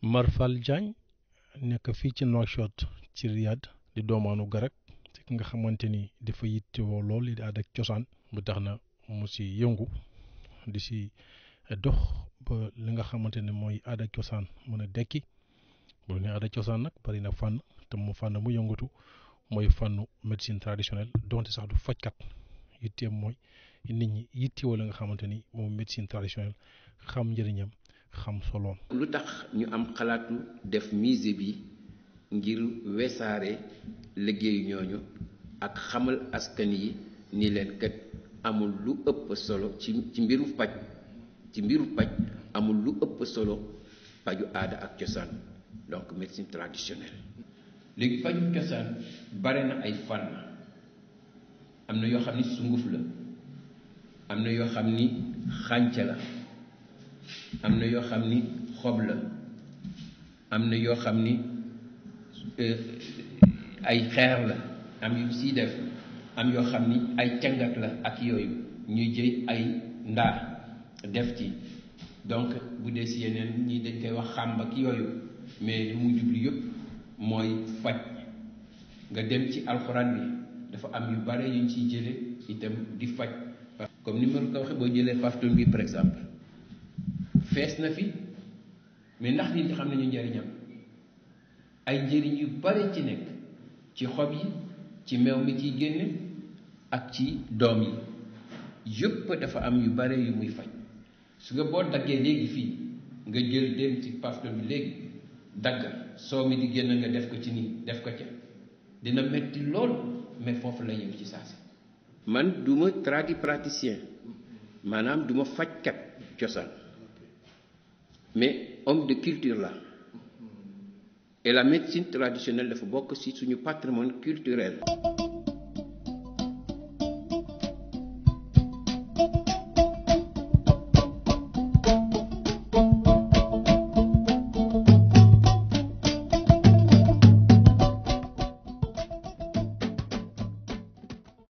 Marfal Diagne nekk fii ci Nouakchott ci Riyad di doomaanu Garak ci ki nga xamante ni dafa yittewoo lool li di aada cosaan bu tax na mu si yëngu di si dox ba li nga xamante ne mooy aada cosaan mën a dekki bu ne nag bari na fànn te mu fànn mu yëngatu mooy fànnu médecine traditionnelle donte sax du fajkat yitteem mooy nit nga xamante ni moom médecine traditionnelle xam njëriñam xam soloom. lu tax ñu am xalaatu def musée bi ngir weesaare liggéeyu ñooñu ak xamal askan yi ni leen kat amul lu ëpp solo mbiru paj amul lu ëpp solo paju aada ak cosaan. donc médecine traditionnelle léegi fajum cosaan bare na ay fànn am na yoo xam ni sunguf la am na yoo xam ni xànce la am na yoo xam ni xob la am na yoo xam ni euh, ay xeer la am yu siy def am yoo xam ni ay cangat la ak yooyu ñuy jëy ay ndaa def ci donc bu dee si yeneen ñi dañ koy wax xàmb yooyu mais li mu jublu yëpp mooy faj nga dem ci alxuraan bi dafa am yu bare yuñ ciy jële itam di faj comme ni ma ko waxee boo jëlee paftum bi par exemple fees na fi mais ndax nit ñi xam nañu njariñam ay njëriñ yu bare ci nekk ci xob yi ci meew mi ciy génne ak ci doom yi yëpp dafa am yu bare yu muy faj su nga boo daggee léegi fii nga jël dem ci paftum bi léegi dagg soo mi di génn nga def ko ci nii def ko ca dina metti lool mais foofu la yem ci saasi man duma tradipraticien maanaam duma fajkat cosaan mais homme de culture la et la médecine traditionnelle dafa bokk ci suñu patrimoine culturel